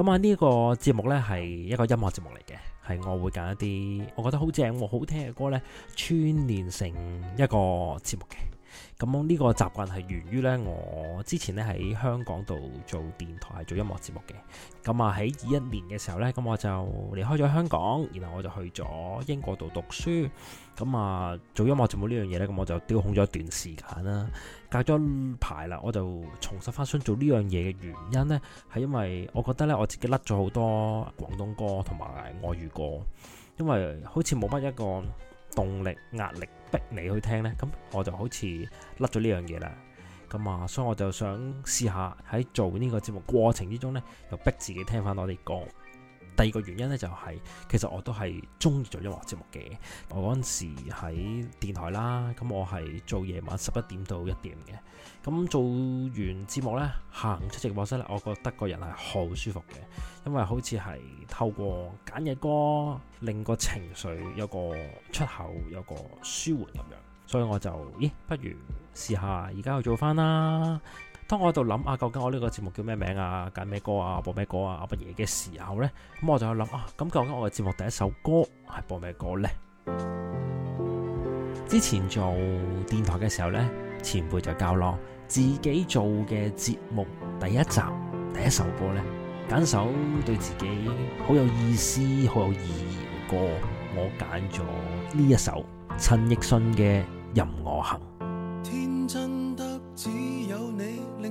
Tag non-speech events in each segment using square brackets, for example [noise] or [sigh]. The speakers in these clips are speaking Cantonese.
咁啊，呢個節目呢，係一個音樂節目嚟嘅，係我會揀一啲我覺得好正、好聽嘅歌呢，串連成一個節目嘅。咁、這、呢個習慣係源於呢，我之前呢喺香港度做電台，係做音樂節目嘅。咁啊，喺二一年嘅時候呢，咁我就離開咗香港，然後我就去咗英國度讀書。咁啊，做音樂節目呢樣嘢呢，咁我就丟空咗一段時間啦，隔咗排啦，我就重拾翻想做呢樣嘢嘅原因呢，係因為我覺得呢，我自己甩咗好多廣東歌同埋外語歌，因為好似冇乜一個動力壓力逼你去聽呢，咁我就好似甩咗呢樣嘢啦，咁啊，所以我就想試下喺做呢個節目過程之中呢，又逼自己聽翻多啲歌。第二個原因咧、就是，就係其實我都係中意做音樂節目嘅。我嗰陣時喺電台啦，咁我係做夜晚十一點到一點嘅。咁做完節目咧，行出直播室咧，我覺得個人係好舒服嘅，因為好似係透過揀嘅歌，令個情緒有個出口，有個舒緩咁樣。所以我就咦，不如試下而家去做返啦。當我喺度諗啊，究竟我呢個節目叫咩名啊？揀咩歌啊？播咩歌啊？阿乜嘢嘅時候呢，咁我就喺度諗啊，咁究竟我嘅節目第一首歌係播咩歌呢？ [music] 之前做電台嘅時候呢，前輩就教我自己做嘅節目第一集第一首歌呢，揀首對自己好有意思、好有意義嘅歌。我揀咗呢一首陳奕迅嘅《任我行》。天真得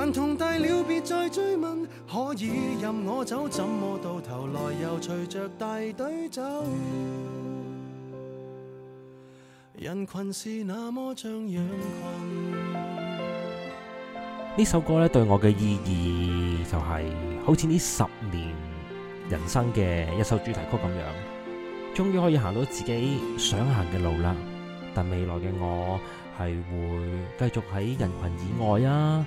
頑童大了，別再追問，可以任我走，怎麼到頭來又隨著大隊走，人群是那麼像羊群。呢首歌呢，對我嘅意義就係好似呢十年人生嘅一首主題曲咁樣，終於可以行到自己想行嘅路啦。但未來嘅我係會繼續喺人群以外啊。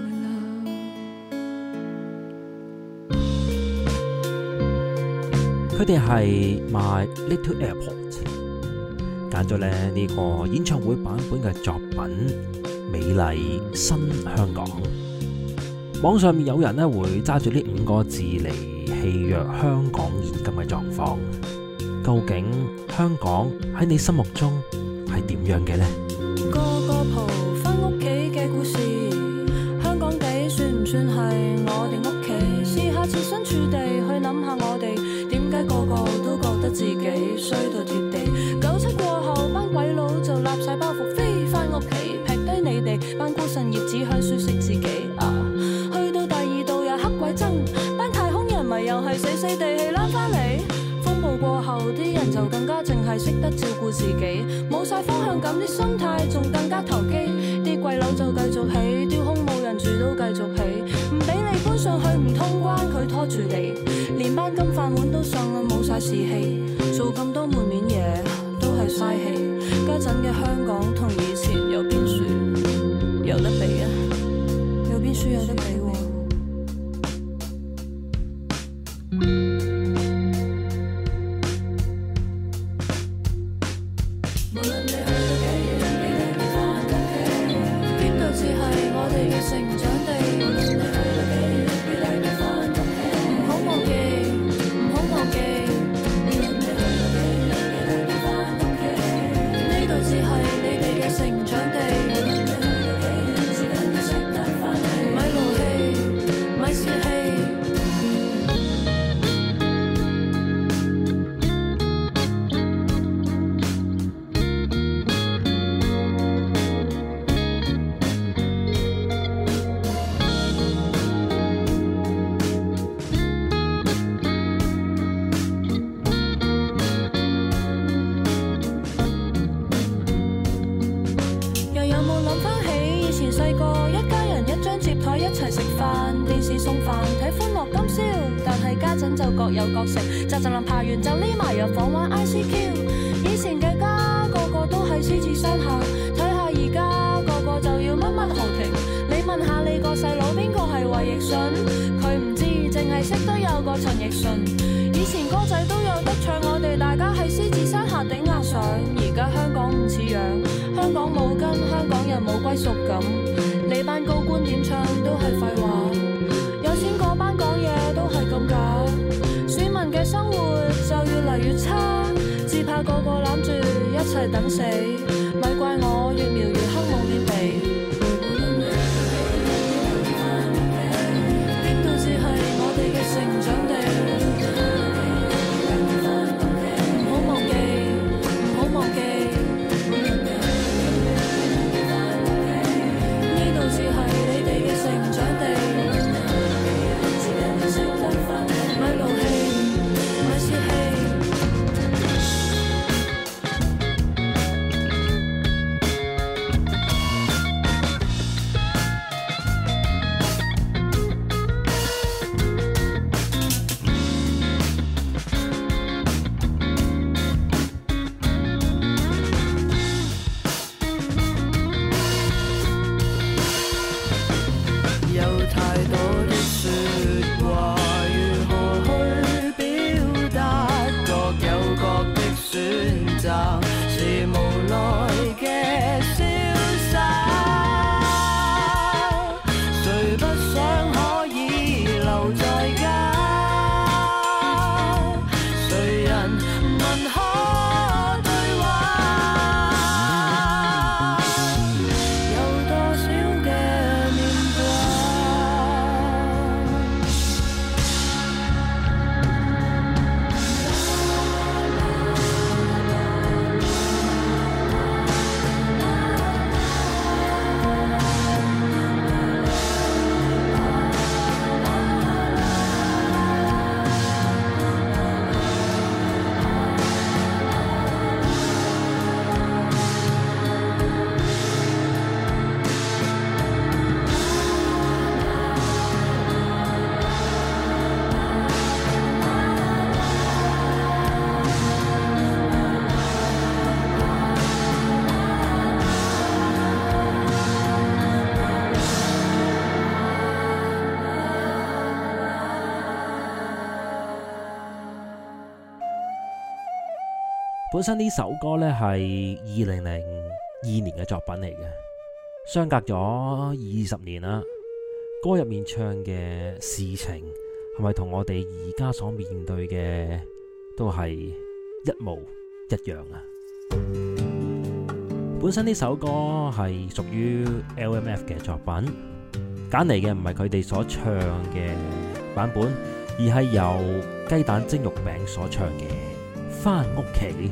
佢哋係 My Little Airport，揀咗咧呢個演唱會版本嘅作品《美麗新香港》。網上面有人咧會揸住呢五個字嚟戲謔香港現今嘅狀況。究竟香港喺你心目中係點樣嘅呢？顧自己，冇晒方向感啲心態，仲更加投機。啲貴樓就繼續起，丟空冇人住都繼續起。唔俾你搬上去唔通關，佢拖住你。連班金飯碗都上岸，冇晒士氣，做咁多門面嘢都係嘥氣。家陣嘅香港同以前有邊處有得比啊？有邊處有得比啊？本身呢首歌呢，係二零零二年嘅作品嚟嘅，相隔咗二十年啦。歌入面唱嘅事情係咪同我哋而家所面對嘅都係一模一樣啊？本身呢首歌係屬於 LMF 嘅作品揀嚟嘅，唔係佢哋所唱嘅版本，而係由雞蛋蒸肉餅所唱嘅《返屋企》。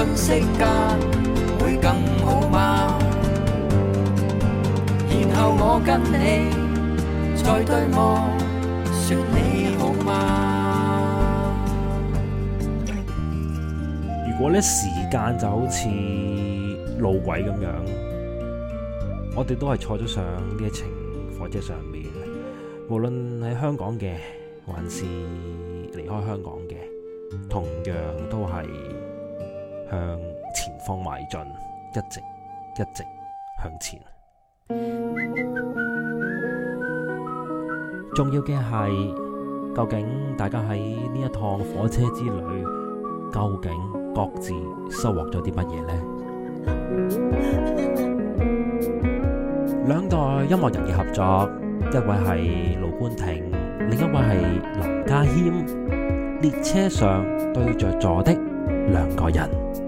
如果呢時間就好似路軌咁樣，我哋都係坐咗上呢一程火車上面。無論喺香港嘅，還是離開香港嘅，同樣都係。向前方邁進，一直一直向前。重要嘅係，究竟大家喺呢一趟火車之旅，究竟各自收穫咗啲乜嘢呢？兩代音樂人嘅合作，一位係盧冠廷，另一位係林家謙。列車上對着坐的。兩個人。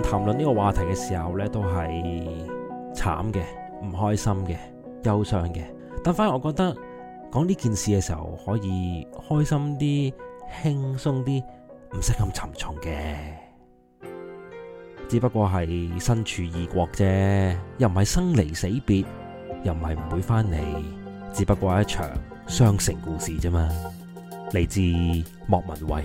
談論呢個話題嘅時候呢，都係慘嘅、唔開心嘅、憂傷嘅。但反而我覺得講呢件事嘅時候，可以開心啲、輕鬆啲，唔使咁沉重嘅。只不過係身處異國啫，又唔係生離死別，又唔係唔會翻嚟，只不過係一場雙城故事啫嘛。嚟自莫文蔚。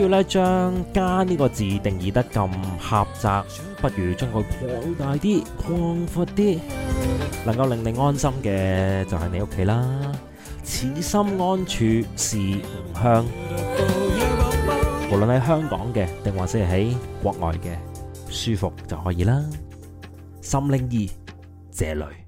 要咧將家呢個字定義得咁狹窄，不如將佢擴大啲，寬闊啲，能夠令你安心嘅就係你屋企啦。此心安處是吾鄉，無論喺香港嘅定還是喺國外嘅，舒服就可以啦。心靈二，這裏。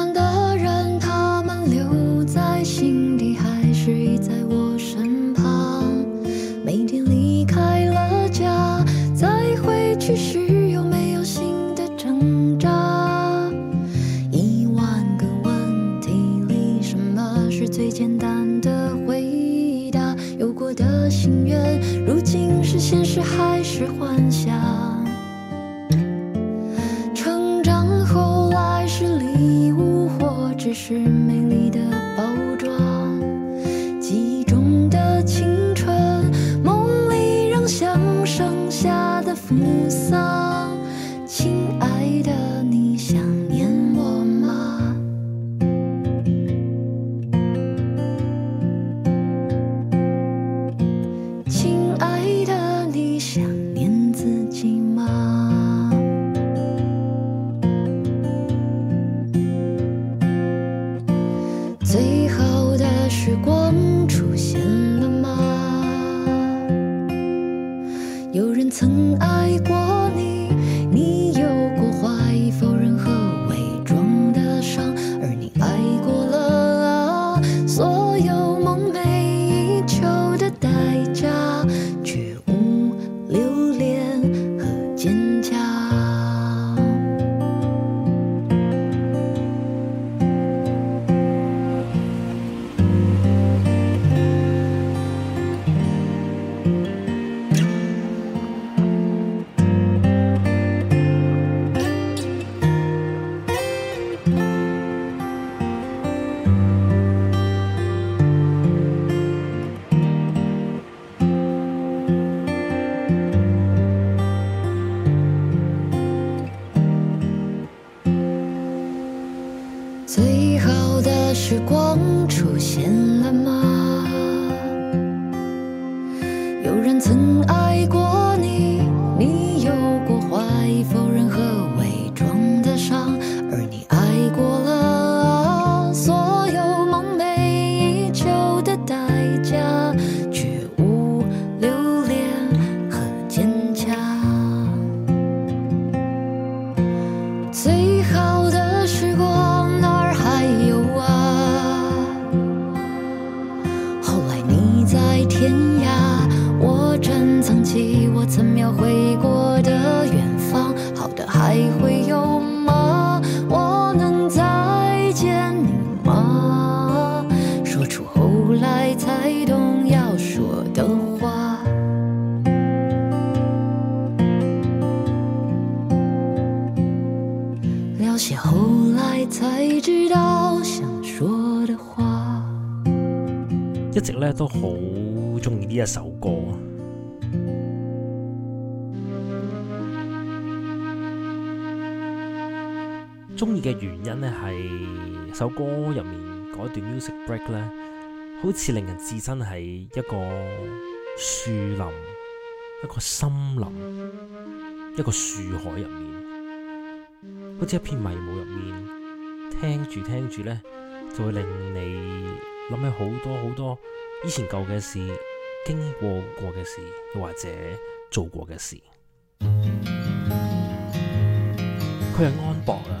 首歌入面嗰段 music break 咧，好似令人置身喺一個樹林、一個森林、一個樹海入面，好似一片迷霧入面。聽住聽住咧，就會令你諗起好多好多以前舊嘅事、經過過嘅事，又或者做過嘅事。佢係安博啊！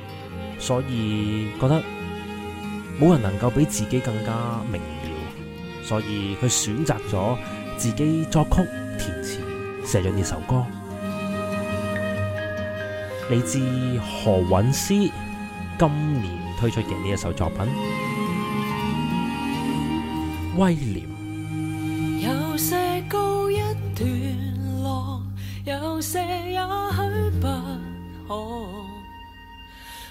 所以覺得冇人能夠比自己更加明了所以佢選擇咗自己作曲填詞寫咗呢首歌，嚟自何韻詩今年推出嘅呢一首作品《威廉》。有些高一段落，有些也許不可。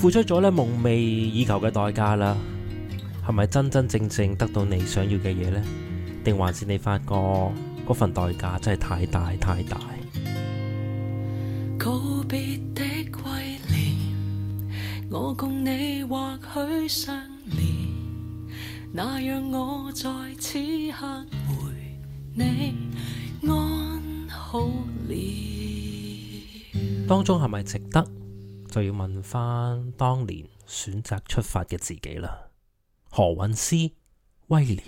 付出咗呢，夢寐以求嘅代價啦，係咪真真正正得到你想要嘅嘢呢？定還是你發覺嗰份代價真係太大太大？告別的關聯，我共你或許相連，那讓我在此刻回你安好，你當中係咪值得？就要問翻當年選擇出發嘅自己啦。何韻詩、威廉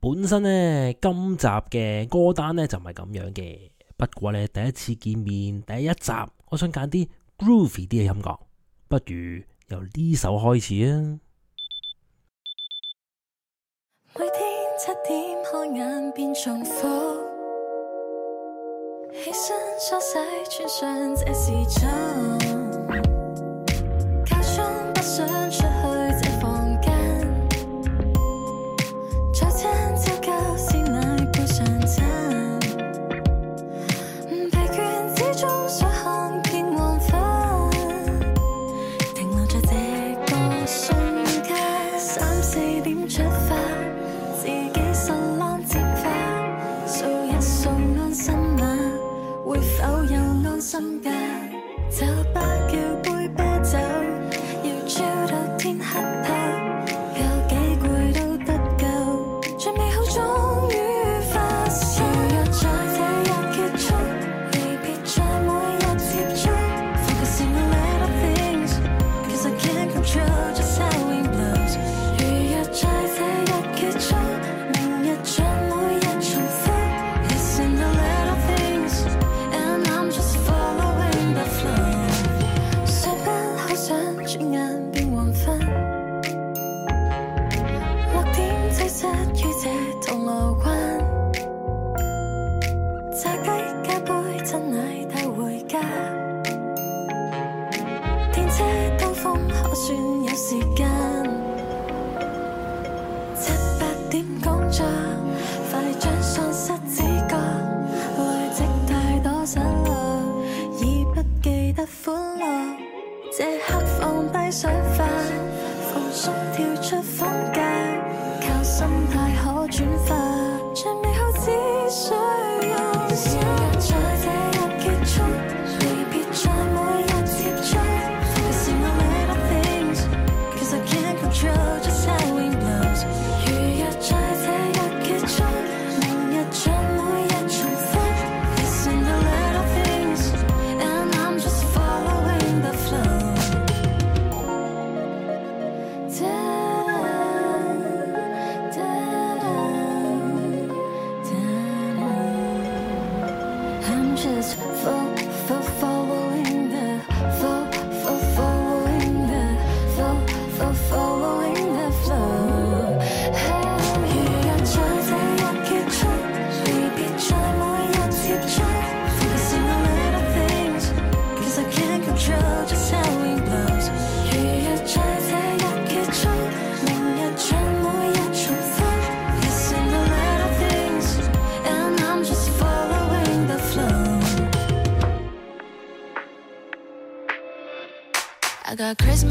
本身呢，今集嘅歌單呢就唔係咁樣嘅。不過呢，第一次見面第一集，我想揀啲 groovy 啲嘅音樂。不如由呢首開始啊！每天七點開眼便重複，起身梳洗穿上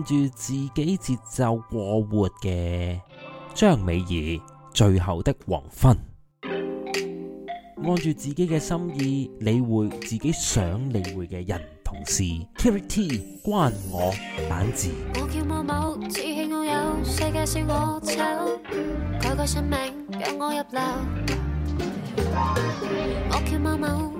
按住自己節奏過活嘅張美兒，《最後的黃昏》。按住自己嘅心意，理會自己想理會嘅人同事。 [music] Kitty，關我卵事，我叫某某，我有，世界笑我醜，姓名，讓我入流。我叫某某。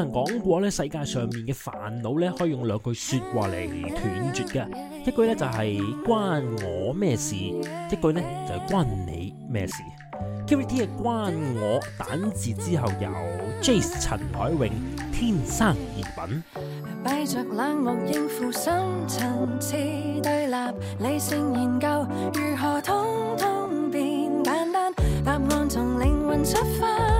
有人講過咧，世界上面嘅煩惱咧可以用兩句説話嚟斷絕嘅，一句咧就係關我咩事，一句呢就係關你咩事。KTV 係關我蛋字之後由 Jace 陳海永天生二品。閉着冷漠應付深層次對立，理性研究如何通通變簡單，答案從靈魂出發。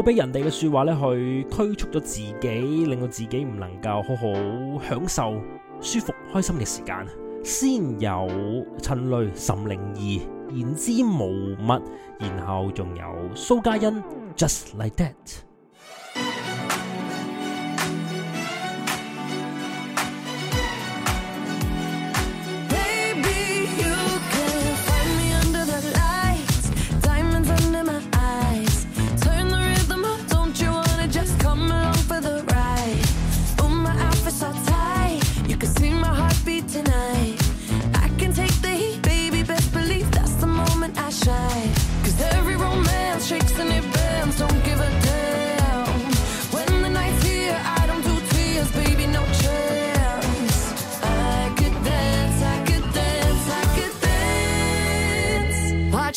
我俾人哋嘅説話咧，去驅促咗自己，令到自己唔能夠好好享受舒服、開心嘅時間。先有陳雷、岑靈兒言之無物，然後仲有蘇嘉欣、嗯、Just Like That。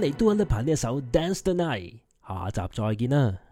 你都有得彈呢一首《Dance the Night》，下集再見啦！